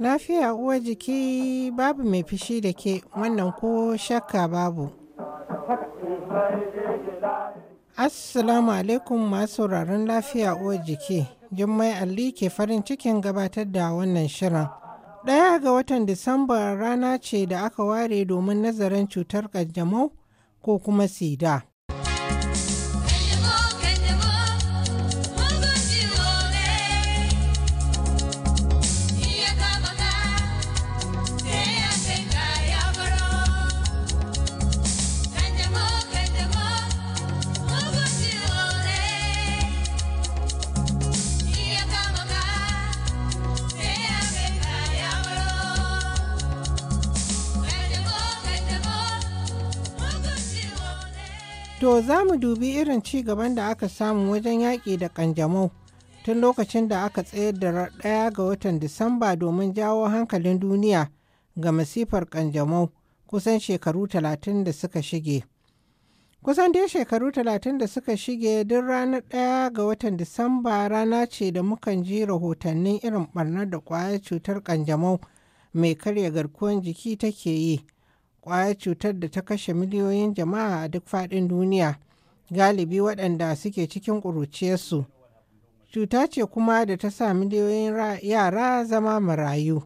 lafiya uwar jiki babu mai fishi da ke wannan ko shakka babu Assalamu alaikum masu sauraron lafiya uwar jiki, Jummai Ali ke farin cikin gabatar da wannan shirin. Ɗaya ga watan Disamba rana ce da aka ware domin nazarin cutar ƙanjamau ko kuma sida. To za mu dubi irin ci gaban da aka samu wajen yaƙi da ƙanjamau tun lokacin da aka tsayar da ɗaya ga watan Disamba domin jawo hankalin duniya ga masifar ƙanjamau kusan shekaru talatin da suka shige. Kusan dai shekaru talatin da suka shige duk ranar ɗaya ga watan Disamba rana ce da mukan ji rahotannin irin ɓarnar da ƙwayar cutar ƙanjamau mai karya garkuwar jiki take yi. kwayar cutar da ta kashe miliyoyin jama'a a duk faɗin duniya galibi waɗanda suke cikin ƙuruciyarsu cuta ce kuma da ta sa miliyoyin yara zama marayu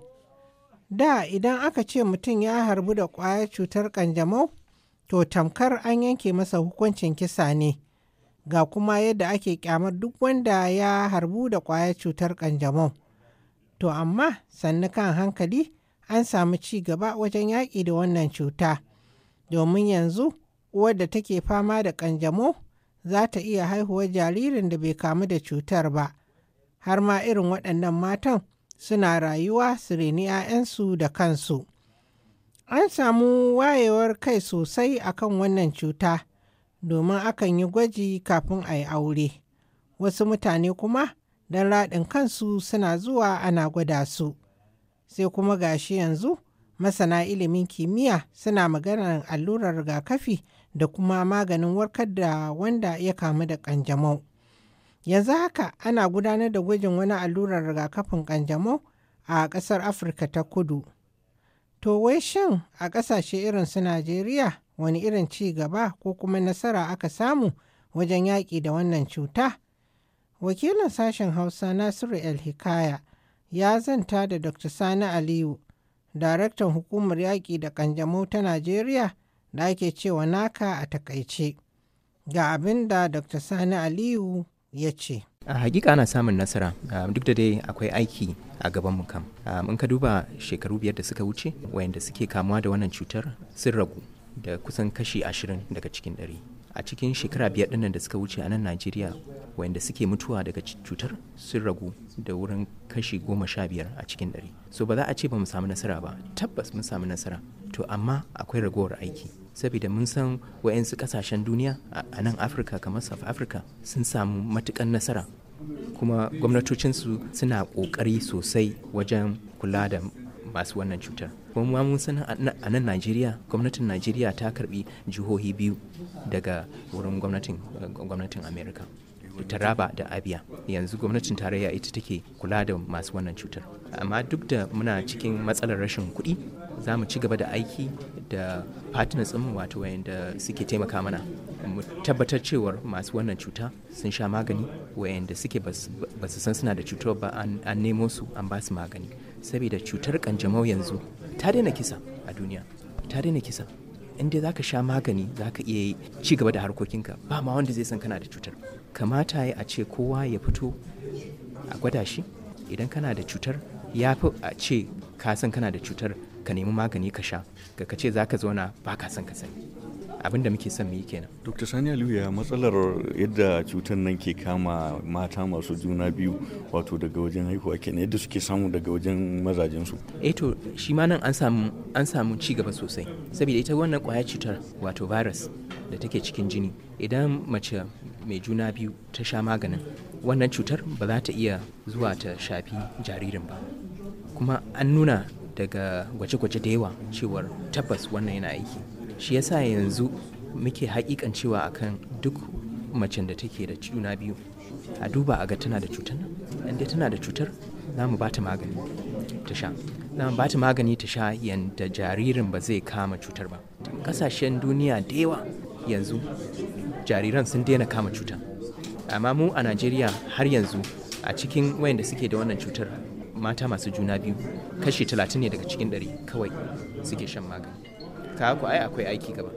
da idan aka ce mutum ya harbu da ƙwayar cutar ƙanjamau to tamkar an yanke masa hukuncin kisa ne ga kuma yadda ake kyamar duk wanda ya harbu da ƙwayar cutar ƙanjamau to amma sannu kan hankali an samu ci gaba wajen yaƙi da wannan cuta domin yanzu uwar da take fama da ƙanjamo za ta iya haihuwar jaririn da bai kamu da cutar ba har ma irin waɗannan matan suna rayuwa su reni 'ya'yansu da kansu an samu wayewar kai sosai akan wannan cuta domin akan yi gwaji kafin a yi aure wasu mutane kuma don raɗin kansu suna zuwa ana gwada su. sai kuma gashi yanzu masana ilimin kimiyya suna maganar allurar rigakafi da kuma maganin warkar da wanda ya kamu da kanjamau. Yanzu haka ana gudanar da gwajin wani allurar rigakafin kanjamau a ƙasar Afirka ta kudu. To wai shin a ƙasashe irin su Najeriya wani irin ci gaba ko kuma nasara aka samu wajen yaƙi da wannan cuta? Wakilin sashen Hausa Nasiru El Hikaya ya zanta da Dr. Sani Aliyu, daraktan hukumar yaƙi da ƙanjamau ta Najeriya da ake cewa naka a takaice. Ga abin da Dr. Sani Aliyu ya ce. a hakika ana samun nasara duk da dai akwai aiki a gaban in ka duba shekaru biyar da suka wuce wayanda suke kamuwa da wannan cutar sun ragu da kusan kashi ashirin daga cikin ɗari a cikin shekara biyar ɗinnan da suka wuce a nan najeriya wanda suke mutuwa daga cutar sun ragu da wurin kashi goma sha biyar a cikin ɗari so ba za a ce ba mu samu nasara ba tabbas mun samu nasara to amma akwai ragowar aiki saboda mun san wa'yansu ƙasashen duniya a nan afirka kamar south africa sun samu matukan nasara kuma gwamnatocinsu suna ƙoƙari sosai wajen kula da masu wannan cutar kuma mun san a nan najeriya gwamnatin najeriya ta karbi jihohi biyu daga wurin gwamnatin america taraba da abia yanzu gwamnatin tarayya ita take kula da masu wannan cutar amma duk da muna cikin matsalar rashin kuɗi za mu ci gaba da aiki da partners mu wato wayanda suke taimaka mana mu tabbatar cewar masu wannan cuta sun sha magani wayanda suke ba su san suna da cutar ba an nemo su an ba su magani saboda cutar kanjamau yanzu ta daina kisa a duniya ta daina kisa inda za ka sha magani za ka iya ci gaba da harkokinka ba ma wanda zai san kana da cutar kamata ya a ce kowa ya fito a gwada shi idan kana da cutar ya fi a ce ka san kana da cutar ka nemi magani ka sha ka ce za ka zauna ba ka san ka sani abin da muke son mu yi kenan. Dr. Sani Aliyu ya matsalar yadda cutar nan ke kama mata masu juna biyu wato daga wajen haihuwa kenan yadda suke samu daga wajen mazajen su. Eh to shi ma nan an samu ci gaba sosai saboda ita wannan kwaya cutar wato virus da take cikin jini idan mace mai juna biyu ta sha maganin wannan cutar ba za ta iya zuwa ta shafi jaririn ba kuma an nuna daga gwaje-gwaje da yawa cewar tabbas wannan yana aiki shi yasa yanzu muke hakikan cewa akan duk macen da take da juna biyu a duba a ga tana da cutar nan inda tana da cutar za mu bata magani ta sha za mu bata magani ta sha yadda jaririn ba zai kama cutar ba kasashen duniya da yawa yanzu jariran sun daina kama cuta amma mu a najeriya har yanzu a cikin wayanda suke da wannan cutar mata masu juna biyu kashi 30 ne daga cikin 100 kawai suke shan magani ta haku ai akwai aiki gaba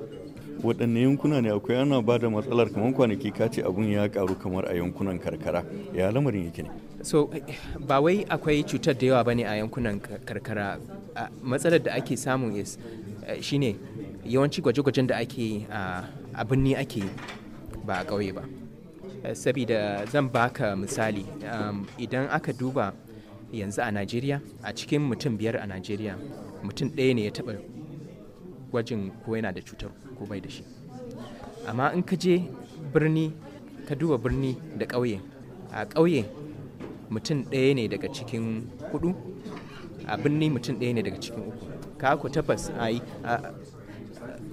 waɗanne yankuna ne akwai ana ba da matsalar kamar kwanaki ka ce abun ya karu kamar a yankunan karkara ya lamarin yake ne so ba wai akwai cutar da yawa ba ne a yankunan karkara matsalar da ake samu is eh, shine yawanci gwaje-gwajen da ake a birni ake ba a ƙauye ba eh, saboda zan baka misali um, idan aka duba yanzu a najeriya a cikin mutum biyar a najeriya mutum ɗaya ne ya taɓa gwajin ko yana da cutar ko bai da shi amma in ka je birni ka duba birni da ƙauye a ƙauye mutum ɗaya ne daga cikin hudu a birni mutum ɗaya ne daga cikin uku ka ku tabbas a yi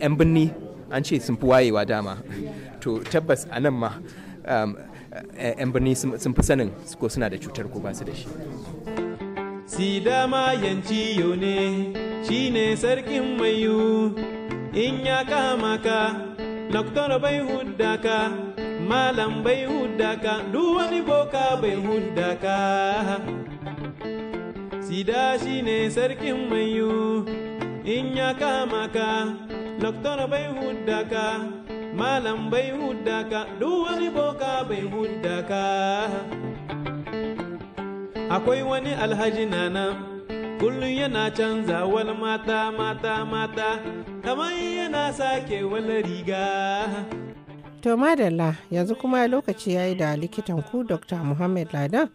yan birni an ce sun fi wayewa dama to tabbas a nan ma um, yan birni sun fi sanin ko suna da cutar ko ba su da shi sida mayan ciyo ne shine sarkin mayu in ya kama ka doktor bai hudda ka malam bai hudda ka boka bai hudda ka sida shine sarkin mayu in ya kama ka doktor bai hudda ka malam bai hudda ka boka bai hudda ka akwai wani alhaji nana kullum yana canza wani mata mata mata kamar yana sake wani riga to madalla yanzu kuma lokaci ya yi da likitan ku dr muhammad ladan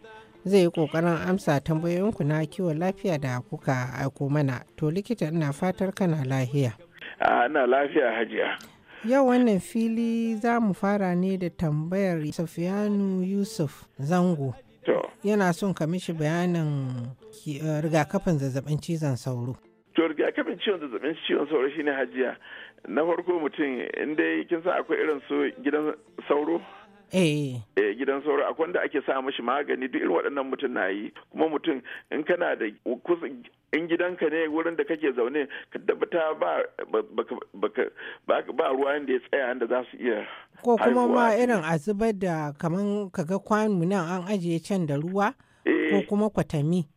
zai yi kokarin amsa tambayoyinku na kiwon lafiya da kuka aiko mana to likita ina fatar kana lahiya ana lafiya hajiya yau wannan fili za mu fara ne da tambayar safiyanu yusuf zango yana son ka mishi bayanin eh, rigakafin zazzabin cizon sauro to rigakafin ciwon zazzabin ciwon sauro shine hajiya na farko mutum inda kin san akwai irin su gidan sauro Eh. eh gidan sauro akwai wanda ake sa mashi magani duk irin waɗannan mutum na yi kuma mutum in kana da in gidanka ne wurin da kake zaune ka tabbata ba ba ruwa da ya tsaya inda za su iya ko kuma ma irin a zubar da kaman kaga kwanu nan an ajiye can da ruwa eh. ko kuma kwatami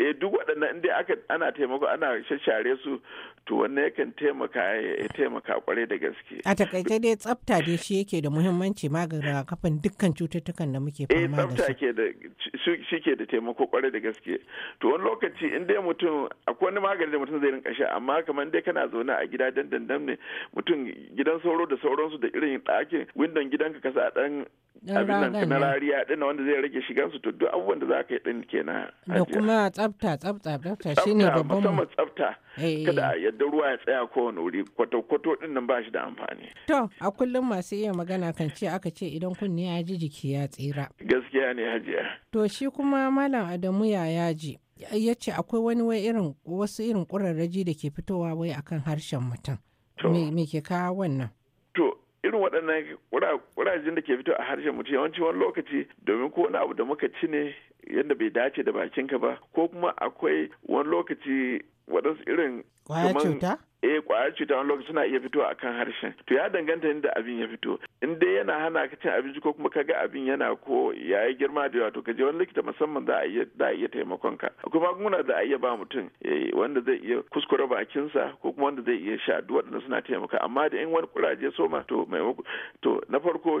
e duk waɗannan inda aka ana taimako ana shashare su to wannan yakan taimaka ya taimaka kwarai da gaske a takaice dai tsafta dai shi yake da muhimmanci maganin kafin dukkan cututtukan da muke eh, fama da su eh tsafta ke da shi ke da taimako kwarai da gaske to wani lokaci in dai mutum akwai wani magani da mutum zai rinka sha amma kamar dai kana zaune a gida dandan ne mutum gidan sauro da sauransu da irin ɗakin windon gidanka kasa a ɗan abin nan rariya din wanda zai rage shigan su to duk abubuwan da zaka yi din kenan da kuma tsafta tsafta tsafta shine babban musamman tsafta eh. kada yadda ruwa ya tsaya kowane wuri kwato kwato din nan ba da amfani to a kullum masu iya magana kan ce aka ce idan kunne ya ji jiki ya tsira gaskiya ne hajiya to shi kuma malam Adamu ya yaji ya ce akwai wani wai irin wasu irin ƙurarraji da ke fitowa wai akan harshen mutum me ke kawo wannan irin waɗannan wurajen da ke fito a harshen mutum yawanci wani lokaci domin ko wani abu da muka ci ne yadda bai dace da bakinka ba ko kuma akwai wani lokaci waɗansu irin kwayar cuta eh kwayar cuta wani lokaci suna iya fitowa akan harshen to ya danganta da abin ya fito in dai yana hana ka cin abinci ko kuma ka ga abin yana ko ya yi girma da yawa to ka je wani likita musamman za a iya taimakon ka akwai magunguna da a iya ba mutum eh, wanda zai iya kuskure bakinsa ko kuma wanda zai iya sha duk waɗanda suna taimaka amma da in wani kuraje soma to maimako to na farko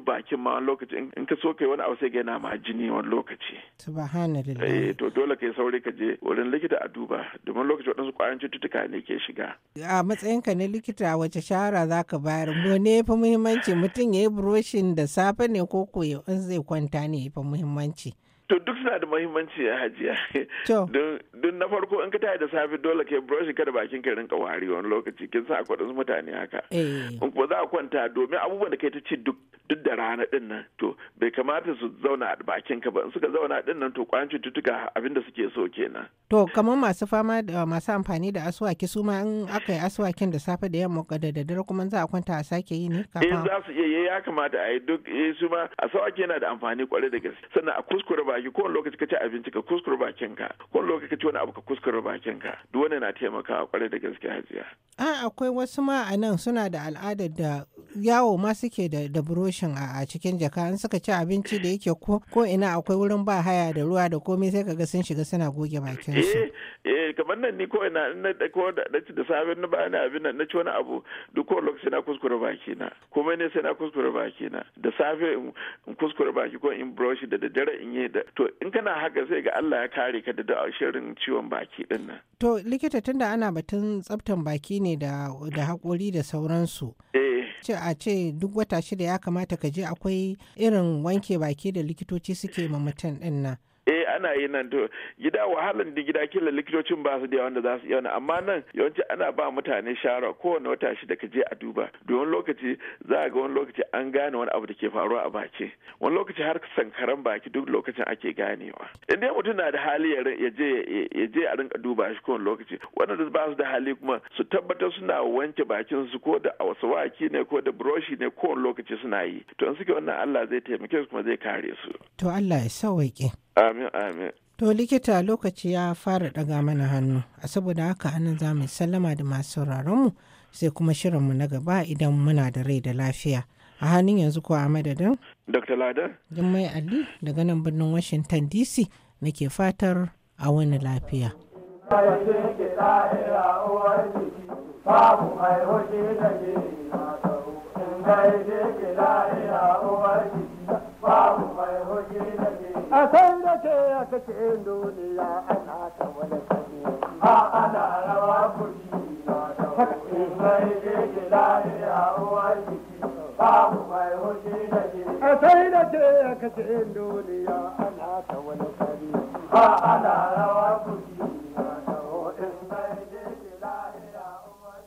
duk bakin ma wani lokaci in ka so kai wani abu sai ga yana ma jini wani lokaci subhanallah eh to dole kai saurayi ka je wurin likita a duba domin lokaci waɗansu ƙwayoyin cututtuka ne ke shiga a matsayinka na likita wace shawara zaka bayar mu ne fa muhimmanci mutum ya yi buroshin da safe ne ko ko in zai kwanta ne ya fi muhimmanci To duk suna da mahimmanci ya hajiya. Don na farko in ka tayi da safe dole ka brush kada bakin ka rinka wari wani lokaci kin sa akwai wasu mutane haka. Eh. In kuma za a kwanta domin abubuwan da kai ta ci duk duk da rana din to bai kamata su zauna a bakin ka ba in suka zauna din nan to kwanci cututtuka abin da suke so kenan. To kamar masu fama da masu amfani da aswaki su ma in aka yi da safe da yamma da daddare kuma za a kwanta a sake yi ne. kafin eh, za su iya eh, ya kamata a yi duk su ma a yana da amfani kwarai da gaske sannan a kuskure ba tsaki kowane lokaci ka ci abinci ka kuskure bakin ka kowane lokaci ka ci wani abu ka kuskure bakin ka duk wani na taimakawa kwarai da gaske hajiya. a akwai wasu ma a nan suna da al'adar da yawo ma suke da burushin a cikin jaka in suka ci abinci da yake ko ina akwai wurin ba haya da ruwa da komai sai kaga sun shiga suna goge bakin su eh, eh kamar nan ni ko ina na ko da ci da sabin na ni abin na ci wani abu duk ko lokaci na kuskure baki na komai ne sai na kuskure baki na da safe in kuskure baki ko in broshi da daddare in yi da to in kana haka sai ga Allah ya kare ka da shirin ciwon baki din nan to likita tunda ana batun tsaftan baki ne da da hakuri da sauransu eh ce a ce duk wata shida ya kamata ka je akwai irin wanke baki da likitoci suke ma mutum ɗin nan ana yi nan to gida wahalar da gida kila likitocin ba su da yawan da za su iya amma nan yawanci ana ba mutane shara kowane wata shida ka je a duba domin lokaci za ga wani lokaci an gane wani abu da ke faruwa a baki wani lokaci har sankaran baki duk lokacin ake ganewa in dai mutum na da hali ya je ya je a rinka duba shi kowane lokaci waɗanda ba su da hali kuma su tabbatar suna wanke bakin su ko da waki ne ko da broshi ne kowane lokaci suna yi to in suke wannan Allah zai taimake su kuma zai kare su to Allah ya sawaike Amin, amin. To likita lokaci ya fara ɗaga mana hannu, a saboda haka anan za mu sallama da masu mu sai kuma shirinmu na gaba idan muna da rai da lafiya. A hannun yanzu ko a madadin? Dr. Lada. Jummai Ali daga nan birnin Washington DC nake fatar a wani lafiya. Babu ce a kashe duniya ana ta wani kare a ana rawa kuri na da wani mai gidi lahiya uwar jiki babu mai hoshi da gidi a sai da ce a kashe duniya ana ta wani kare a ana rawa kuri